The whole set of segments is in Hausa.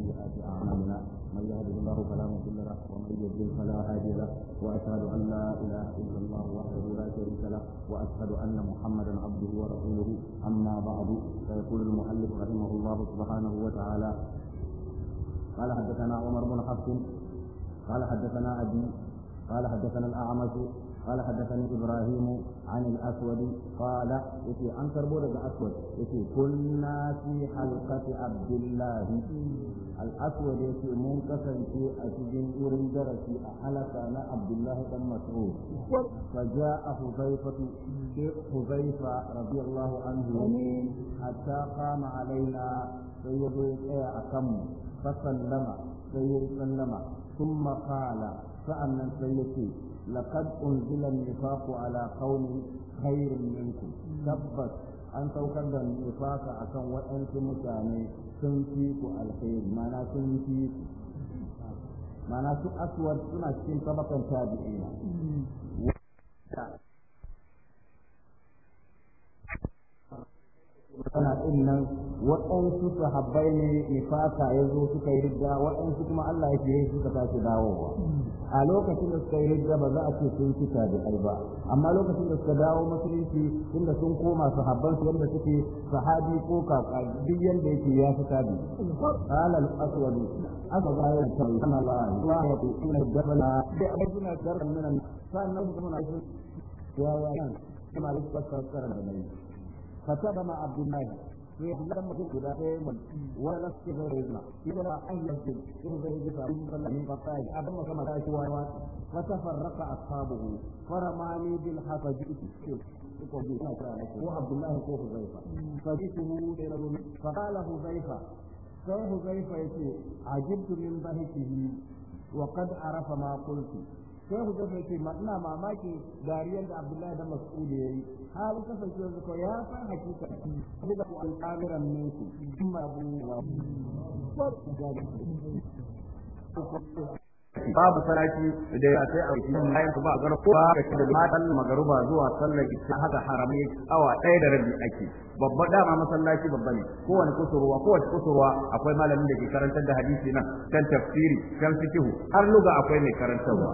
سيئات أعمالنا من يهده الله فلا مضل له ومن يضلل فلا هادي له وأشهد أن لا إله إلا الله وحده لا شريك له وأشهد أن محمدا عبده ورسوله أما بعد فيقول المؤلف رحمه الله سبحانه وتعالى قال حدثنا عمر بن حفص قال حدثنا أبي قال حدثنا الأعمش قال حدثني ابراهيم عن الاسود قال يتي عن كربوده الاسود يتي كنا في حلقه عبد الله الاسود يتي منكسر في اجدين اورن درسي حلقه انا عبد الله بن مسعود فجاء حذيفه حذيفه رضي الله عنه حتى قام علينا سيد اكم فسلم سيد سلم ثم قال فأمن سيتي لقد أنزل النفاق على قوم خير منكم تبت an saukar da nufaka a kan waɗansu mutane sun fi ku alkhairi mana sun fi ku mana su aswar suna cikin tabakan tabi'ina tana ɗin nan waɗansu sahabbai ne nifaka ya zo suka yi ridda waɗansu kuma Allah ya fiye suka sake dawowa a lokacin da suka yi ridda ba za a ce sun ci tabi'ai ba amma lokacin da suka dawo musulunci inda sun koma sahabban su yadda suke sahabi ko kaka duk yadda yake ya fi tabi qala al-aswad asaba ya tabi kana la la ya tu ina dabala da abuna darban min an sannan kuma na shi wa wa kan kuma da fassara da mai fataba ma abdullahi هي لا تمكن إذا فهم ولا نسكن رزنا إذا لا أن يسجد إذا يجب أن يصلى من قطعه أبما كما تعيش وعيوات فتفرق أصحابه فرماني بالحق جئت وعبد الله كوف زيفة فجئته إلى فقال حذيفة sai Huzaifa yace ajibtu min bahtihi wa qad arafa ma qultu sai ku zafi ce ina mamaki dariyar da abdullahi da mas'ud ya yi kasance kasancewa zuwa ya san hakika ku da ku alƙamiran ne kuma abu wa ku ga babu salati da ya sai a cikin bayan ba a gara ba ka ci da matan magaruba zuwa sallar isha haka harami awa ɗaya da rabi ake babban dama masallaci babba ne kowane kusurwa kowace kusurwa akwai malamin da ke karantar da hadisi nan kan tafsiri kan fitihu, har luga akwai mai karantarwa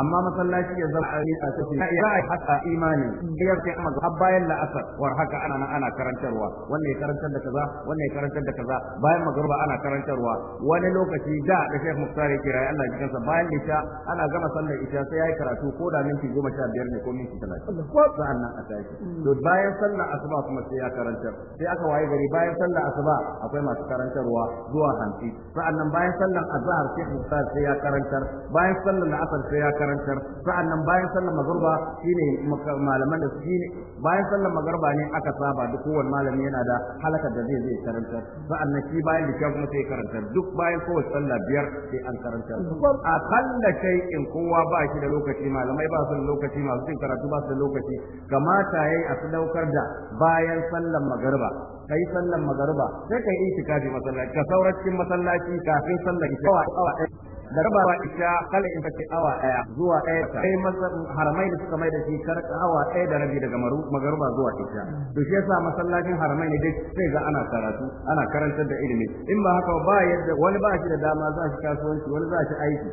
amma masallaci ya zama a rika ta ya yi haka imani ya ce amma har bayan la'asar war haka ana nan ana karantarwa wannan ya karantar da kaza wannan ya karantar da kaza bayan magruba ana karantarwa wani lokaci da da Sheikh Muftar yake rayi Allah ya kansa bayan isha ana gama sallar isha sai yayi karatu ko da minti 15 ne ko minti 30 ko sa'an nan a tashi to bayan sallar asuba kuma sai ya karantar sai aka waye gari bayan sallar asuba akwai masu karantarwa zuwa hanci sa'an nan bayan sallar azhar Sheikh Muftar sai ya karantar bayan sallar asar sai ya karantar karantar sa'annan bayan sallar magruba shine malaman da shine bayan sallar magruba ne aka saba duk kowanne malami yana da halakar da zai zai karantar sa'annan shi bayan da shi kuma sai karantar duk bayan kowace sallar biyar sai an karantar a kan da kai in kowa ba shi da lokaci malamai ba su da lokaci masu cin karatu ba su da lokaci kamata yayi a su daukar da bayan sallar magruba kai sallar magruba sai kai itikafi masallaci ka sauracin masallaci kafin sallar isha da rabawa isha kala in take awa daya zuwa daya sai masar haramai da suka mai da shi karka awa daya da rabi daga magaruba zuwa isha to shi yasa masallacin haramai ne dai sai ga ana karatu ana karantar da ilimi in ba haka ba yadda wani ba shi da dama za shi kasuwanci wani za shi aiki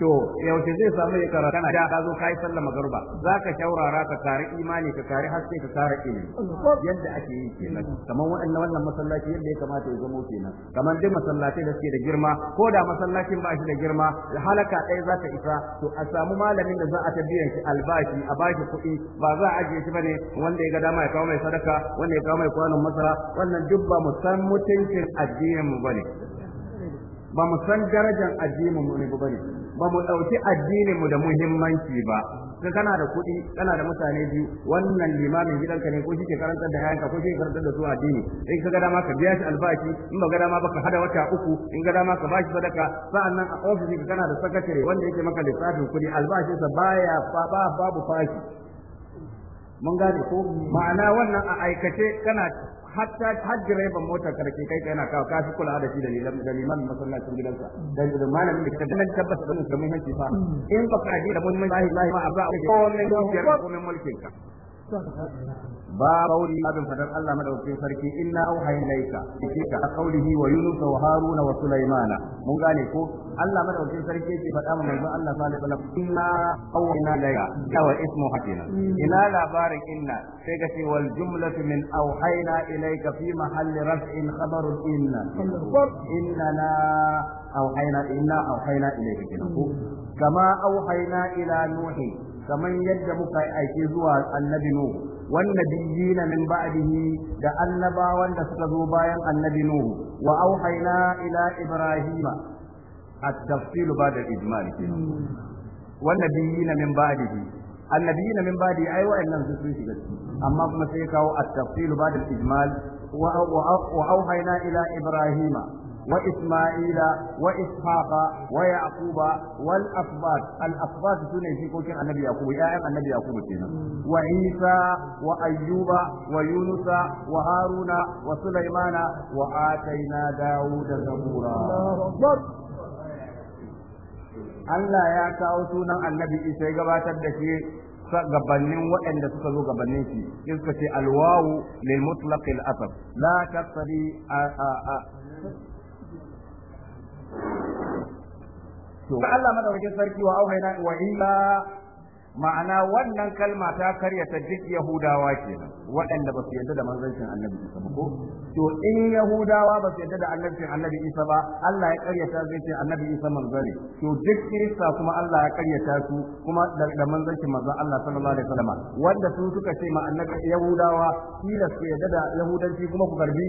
to yaushe zai samu ya karatu kana da ka zo kai sallah magruba zaka shaurara ka kare imani ka kare haske ka kare ilimi yadda ake yi kenan kamar wannan wannan masallaci yadda ya kamata ya zama kenan kamar dai masallatai da suke da girma ko da masallacin ba shi da girma halaka ɗaya za ka isa to a samu malamin da za a tabbiyar shi albashi a bashi kuɗi ba za a ajiye shi bane wanda ya ga dama ya kawo mai sadaka wanda ya kawo mai kwanon masara wannan duk ba mu san mutuncin addinin mu bane ba mu san darajar addinin mu ne ba bane ba mu ɗauki addinin mu da muhimmanci ba sai kana da kuɗi kana da mutane biyu wannan limamin gidanka ne ko shi ke karantar da kayanka ko shi karantar da su addini in ka ga dama ka biya shi albashi in ba ga dama ba ka hada wata uku in ga dama ka ba shi sadaka sa'annan a ofishin ka kana da sakatare wanda yake maka lissafin kuɗi albashinsa baya ba babu fashi mun gane ko ma'ana wannan a aikace kana hatta har direban motar karke kai kai na kawo ka fi kula da shi da liman masallacin gidansa da da malamin da nan tabbata da muhimmanci fa mm. in ba ka ji da mai lahi ma abba ko ne ko ne mulkin ka ba qawli abin fadar Allah madaukakin sarki inna auhaynaika kika a qawlihi wa yunus wa haruna wa sulaimana mun gane ko Allah madaukakin sarki yake faɗa ma manzon Allah sallallahu alaihi wasallam inna auhaynaika kawa ismu hakina ina labarin inna sai ga ce wal jumlatu min auhayna ilaika fi mahalli raf'in khabaru inna inna auhayna inna auhayna ilayka kama auhayna ila nuhi kamar yadda muka aike zuwa annabi nuhu والنبيين من بعده ده النبا وان سكزو بايان النبي نوح وأوحينا إلى إبراهيم التفصيل بعد الإجمال والنبيين من بعده النبيين من بعده أيوة إنهم سكزو أما كما سيكاو التفصيل بعد الإجمال وأوحينا إلى إبراهيم وإسماعيل وإسحاق ويعقوب والأسباط الأسباط سنة في كان النبي يعقوب يا أم النبي يعقوب سنة وعيسى وأيوب ويونس وهارون وسليمان وآتينا داود زبورا Allah ya kawo sunan annabi Isa ya gabatar da shi gabannin waɗanda suka zo gabannin shi in suka ce alwawu lil mutlaq al asr la tasri to Allah madaukakin sarki wa auhayna wa illa ma'ana wannan kalma ta karyata duk yahudawa ke nan waɗanda ba su yarda da manzancin annabi isa ba ko to in yahudawa ba su yarda da annabcin annabi isa ba Allah ya karyata zai ce annabi isa manzari to duk kirista kuma Allah ya karyata su kuma da manzancin manzan Allah sallallahu alaihi wasallam wanda su suka ce ma annabi yahudawa kila su yarda da yahudanci kuma ku garbi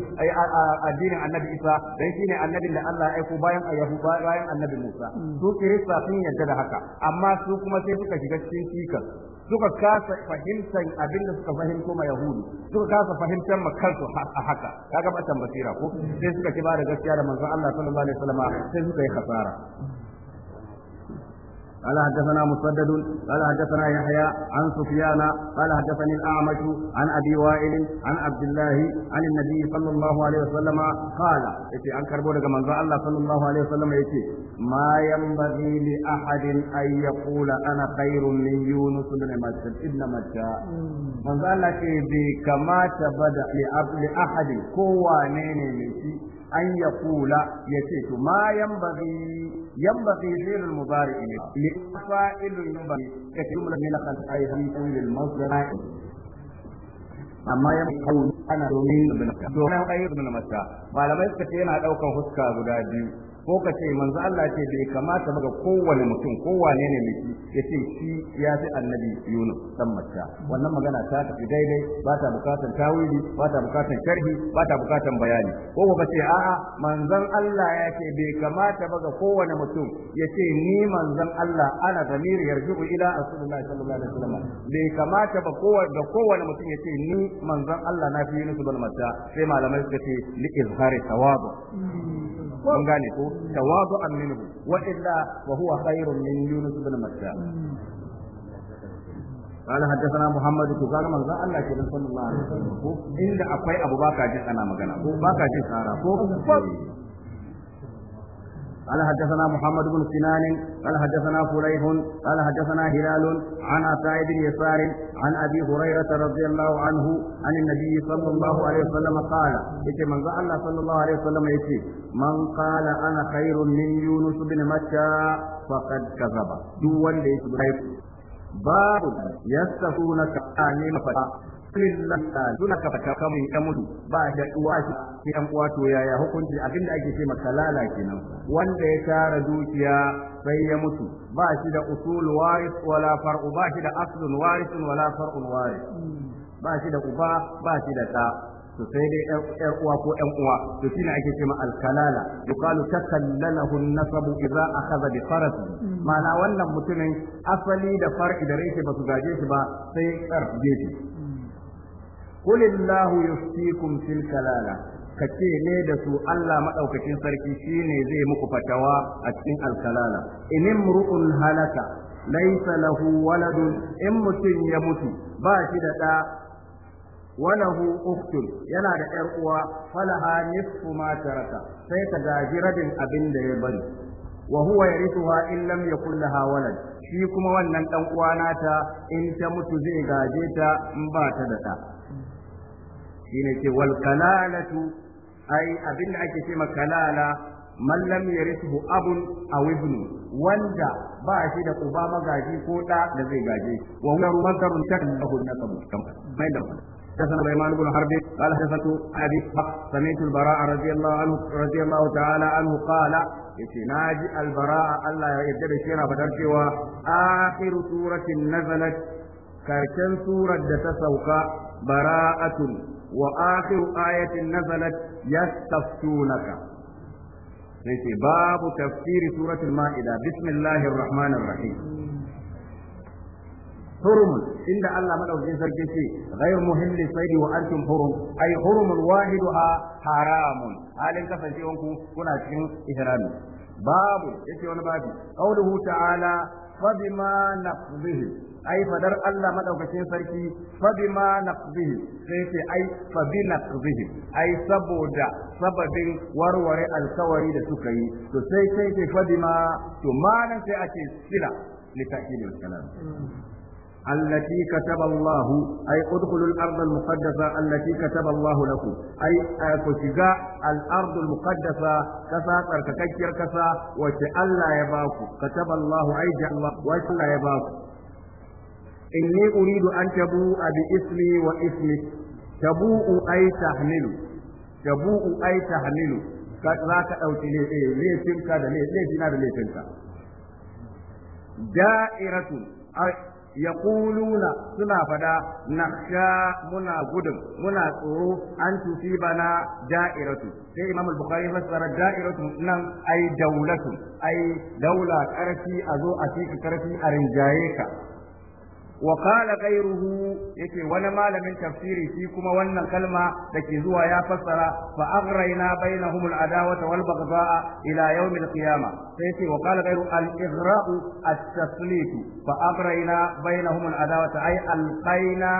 addinin annabi isa dan shine annabin da Allah ya aiko bayan Yahudawa bayan annabi Musa su kirista sun yarda da haka amma su kuma sai suka shiga cikin suka kasa fahimtar abin da suka fahimto ma yahudu suka kasa fahimtar makarsu a haka kaga ba basira ko sai suka ci ba da gaskiya da manzon Allah sallallahu alaihi wasallam sai suka yi hasara قال حدثنا مسدد قال حدثنا يحيى عن سفيان قال حدثني الأعمش عن أبي وائل عن عبد الله عن النبي صلى الله عليه وسلم قال إتي عن كربونة من الله صلى الله عليه وسلم إتي ما ينبغي لأحد أن يقول أنا خير من يونس بن مجد ابن مجد من الله كي كما تبدأ لأحد كوانين من أن يقول يتيت ما ينبغي ينبغي فعل المضارع لفاعل ينبغي كجملة من خلف أي هم للمصدر amma ya kawo ana domin da na kawo ayyukan da masa malamai suka ce yana daukan huska guda biyu ko ka ce manzo Allah ce bai kamata ba ga kowane mutum kowane ne miki ya ce shi ya fi annabi Yunus dan Makka wannan magana ta tafi daidai ba ta bukatar tawili ba ta bukatar sharhi ba ta bukatar bayani ko ka ce a'a manzon Allah ya ce bai kamata ba ga kowane mutum ya ce ni manzon Allah ana zamiri yarju ila rasulullahi sallallahu alaihi wasallam bai kamata ba kowa ga kowane mutum ya ce ni manzon Allah na fi Yunus dan mata. sai malamai suka ce li izhari tawadu kun gane ko تواضعا منه wa وهو خير من يونس بن yunus قال حدثنا محمد بن قال من ذا الله كده صلى الله عليه وسلم ان اكو ابو بكر جن انا مغنا ابو بكر جن سارا قال حدثنا محمد بن سنان قال حدثنا فليح قال حدثنا هلال عن عطاء بن يسار عن ابي هريره رضي الله عنه عن النبي صلى الله عليه وسلم قال يتي من الله صلى الله عليه وسلم يتي من قال انا خير من يونس بن متى فقد كذب دو wanda yake bai babu yastahuna ka ne mafata lillah suna ka fata kamun ya mutu ba da uwa shi sai an uwa to yaya hukunci abin da ake ce makalala kenan wanda ya tara dukiya sai ya mutu ba shi da usul waris wala far'u ba shi da aslun waris wala far'un waris ba shi da uba ba shi da ta to sai dai yar uwa ko yan uwa to shine ake ce cewa alkalala yuqalu takallalahu an-nasab idza akhadha bi faras ma'ana wannan mutumin asali da far'i da reshe ba su gaje shi ba sai tsar gefe الله يفتيكم في الكلالة kace ne da su Allah madaukakin sarki shine zai muku fatawa a cikin alkalala in imru'un halaka laysa lahu waladun in mutun ya mutu ba shi da da walahu uktun yana da yar uwa falaha nisfu ma taraka sai ka gaji rabin abin da ya bari wa huwa yarithuha in lam yakul laha walad shi kuma wannan dan uwa nata in ta mutu zai gaje ta in ba ta da da shine ce wal kalalatu ai abinda ake ce ma kalala man lam yarithu abun aw ibnu wanda ba shi da uba magaji ko da da zai gaje wa huwa rumantarun takallahu nasabu kamar bai da حدثنا سليمان بن حرب قال حدثت ابي حق سمعت البراء رضي الله عنه رضي الله تعالى عنه قال يتناجي البراء الله يدري شيرا بدرجي واخر سوره نزلت كاركن سوره دتسوكا براءة Wa asiru ayetin nasarar yastaftunaka sai sai babu tafkiri suratun ma'aikatan bismillahi rahman rahim. Horumar inda Allah maɗaukar jirgin ruwa, zai yi muhimmi sai ni wa arzikin horumar, ai horumar wani ido a haramun, halin kasancewar ku, kuna cikin ijirami, babu yace wani babi, au ta'ala faɗi ma na ai fadar Allah madaukakin sarki fa bima naqdihi sai ce ai fa bi ai saboda sababin warware alkawari da suka yi to sai sai ce fa bima to malan sai ake sila litakidil kalam التي كتب الله أي ادخلوا الأرض المقدسة التي كتب الله لكم أي كتجاء الأرض المقدسة كسا ترككير كسا وشألا يباكم كتب الله أي جعل الله وشألا يباكم inni uridu an tabu'a bi ismi wa ismi tabu'u ay tahmilu tabu'u ay za ka ɗauki eh, laifinka da laifina da laifinka da'iratu yaquluna suna fada nakhsha muna gudun muna tsoro an bana da'iratu sai imam al-bukhari ya fassara da'iratu nan ai daulatu ai daula karfi a zo a cika karfi a rinjayeka. wa qala ghayruhu yake wani malamin tafsiri shi kuma wannan kalma da ke zuwa ya fassara fa aghraina bainahum al adawata wal baghdha'a ila yawm al qiyama sai yake wa qala ghayru al ighra'u at taslitu fa aghraina bainahum al adawata ay al qaina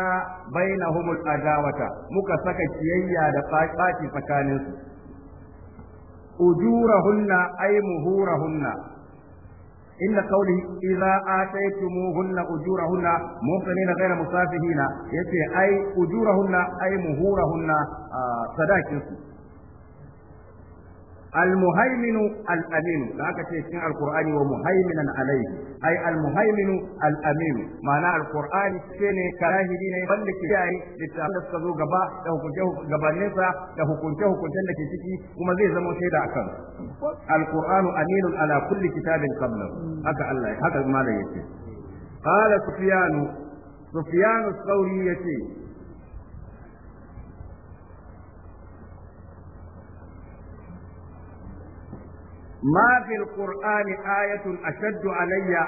bainahum al adawata muka saka kiyayya da faƙi tsakaninsu ujurahunna ay muhurahunna inda kauli idza ataytumuhunna ujurahunna muhsanina ghayra musafihina yace ai ujurahunna ai muhurahunna sadakin su المهيمن الأمين ذاك في القرآن ومهيمنا عليه أي المهيمن الأمين معنى القرآن سين كراهدين يبلك يعني لتعمل الصدو قبا له كنته قبا نسا له كنته كنته لك تكي وما زي زمو شيدا أكام القرآن أمين على كل كتاب قبله هكا الله هكا ما لا قال سفيان سفيان الثوري يتي ma fil qur'ani ayatun ashaddu alayya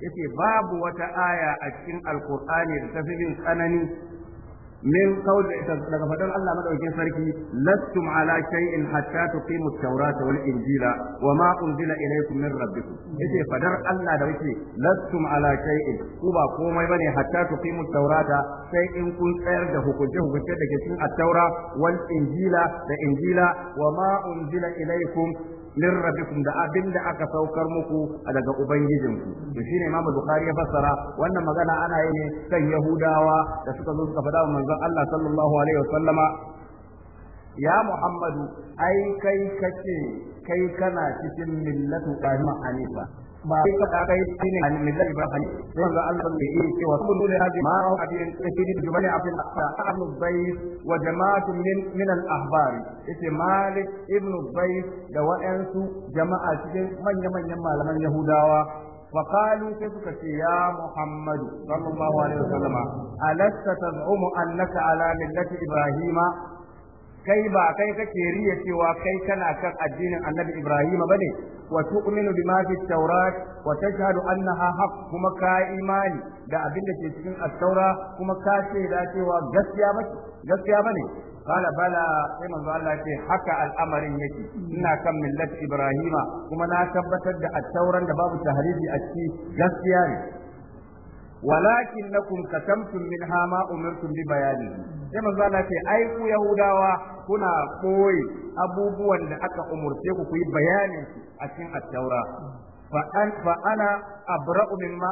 yace babu wata aya a cikin alqur'ani da tafi yin tsanani min qaul daga fadar Allah madaukin sarki lastum ala shay'in hatta tuqimu taurata wal injila wa ma unzila ilaykum min rabbikum yace fadar Allah da yake lastum ala shay'in ku ba komai bane hatta tuqimu taurata sai in kun tsayar da hukunce hukunce da ke cikin at injila da injila wa ma unzila min rabbikum da abin da aka saukar muku daga ubangijinku to shine imamu bukhari ya fassara wannan magana ana yi ne kan yahudawa da suka zo suka fada wa manzon Allah sallallahu alaihi wasallama ya muhammadu ai kai kace kai kana cikin millatu qahima hanifa ba sai ka kai shine an misali ba hali don ga Allah da yake cewa kullu ne hadi ma ra'a bi tafidu jumali abin ahlu bayt wa jama'atu min min al ahbar yace malik ibn da wa'ansu jama'a cikin manyan manyan malaman yahudawa فقالوا كيفك يا محمد صلى الله عليه وسلم ألست تزعم أنك على ملة إبراهيم kai ba kai kake riya cewa kai kana kan addinin annabi ibrahim ba ne wa tu'minu bima fi tawrat wa tashhadu annaha haqq kuma ka imani da abin da ke cikin at-taura kuma ka ce da cewa gaskiya ba gaskiya bane qala bala sai manzo Allah ce haka al'amarin yake ina kan millat ibrahima kuma na tabbatar da at-tauran da babu tahrifi a ciki gaskiya ne ولكنكم كتمتم منها ما bi ببيانه sai manzo Allah ce ai ku yahudawa kuna koyi abubuwan da aka umurce ku kuyi yi bayanin su a cikin at-taura fa an fa ana abra'u mimma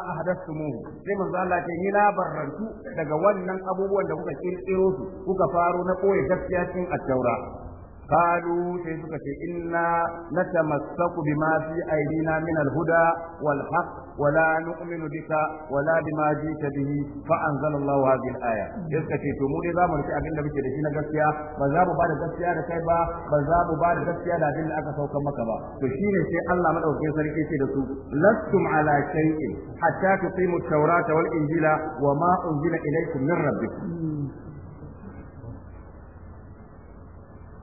sai manzo Allah ce ni na daga wannan abubuwan da kuka kirkiro su kuka faro na koyi gaskiya cikin at-taura قالوا سيسوك إنا نتمسك بما في أيدينا من الهدى والحق ولا نؤمن بك ولا بما جئت به فأنزل الله هذه الآية يسوك تموري ذا مرشي أبن نبي تدشينا قسيا بذاب بعد قسيا لكيبا بذاب بعد قسيا لأبن أكا سوك مكبا تشيني شيء الله من أوكي سريكي سيدسو لستم على شيء حتى تقيموا التوراة والإنجيل وما أنزل إليكم من ربكم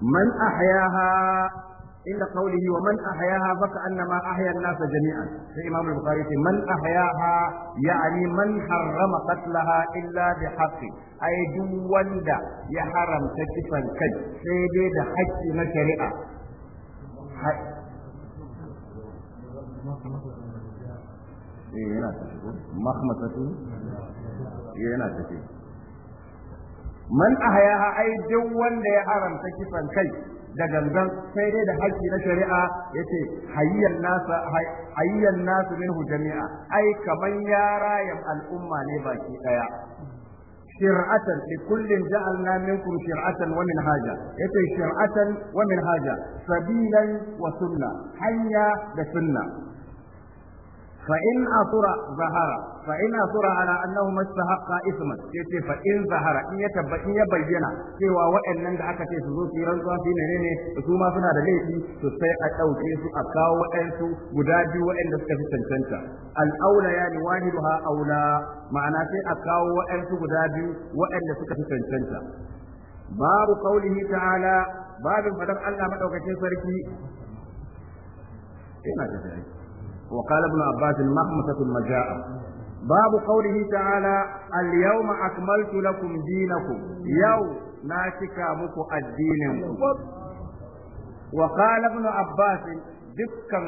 man ahyaha inda qawlihi wa man ahyaha fa annama ahya an-nas jami'an sai imam al-bukhari ce man ahyaha ya'ni man harrama qatlaha illa bi haqqi ai duk wanda ya haramta kisan kai sai dai da haƙƙi na shari'a man ahyaha ai duk wanda ya haramta kifan kai da gangan sai dai da haƙƙi na shari'a yace hayyan nasa hayyan nasu minhu jami'a ai kaman yara yan al'umma ne baki daya shir'atan li kullin ja'alna minkum shir'atan wa minhaja yace shir'atar wa minhaja sabilan wa sunna hanya da sunna فإن أثر ظهر فإن أثر على أنهما استحقا إثما يتي فإن ظهر إن يتب إن يبين سوى وإن لن دعك تسوزو في رنزوان في نيني ثم سنا دليتي تسيء أو تيسو أكاو وإنسو وداجي وإن دسك في سنتنتا الأولى يعني واحدها أولى معنى سيء أكاو وإنسو وداجي وإن دسك في سنتنتا باب قوله تعالى باب فدف الله مدوكتين سركي إيه ما تفعل وقال ابن عباس محمسة المجاعة باب قوله تعالى اليوم أكملت لكم دينكم يوم ناتك مكو الدين وقال ابن عباس dukkan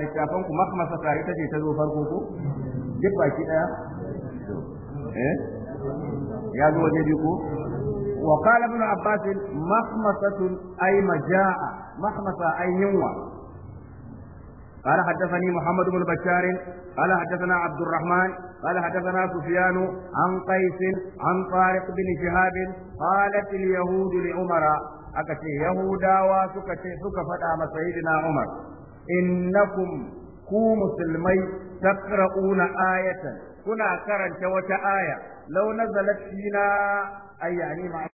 littafan makamasa tare ta ce ta zo duk baki daya ya zo waje biyu ko majaa mahmasa yunwa قال حدثني محمد بن بشار قال حدثنا عبد الرحمن قال حدثنا سفيان عن قيس عن طارق بن شهاب قالت اليهود لعمر أكتي يهودا وسكتي سكفتا مسيدنا عمر إنكم كو مسلمي تقرؤون آية كنا كرنت وتآية لو نزلت فينا أي يعني مع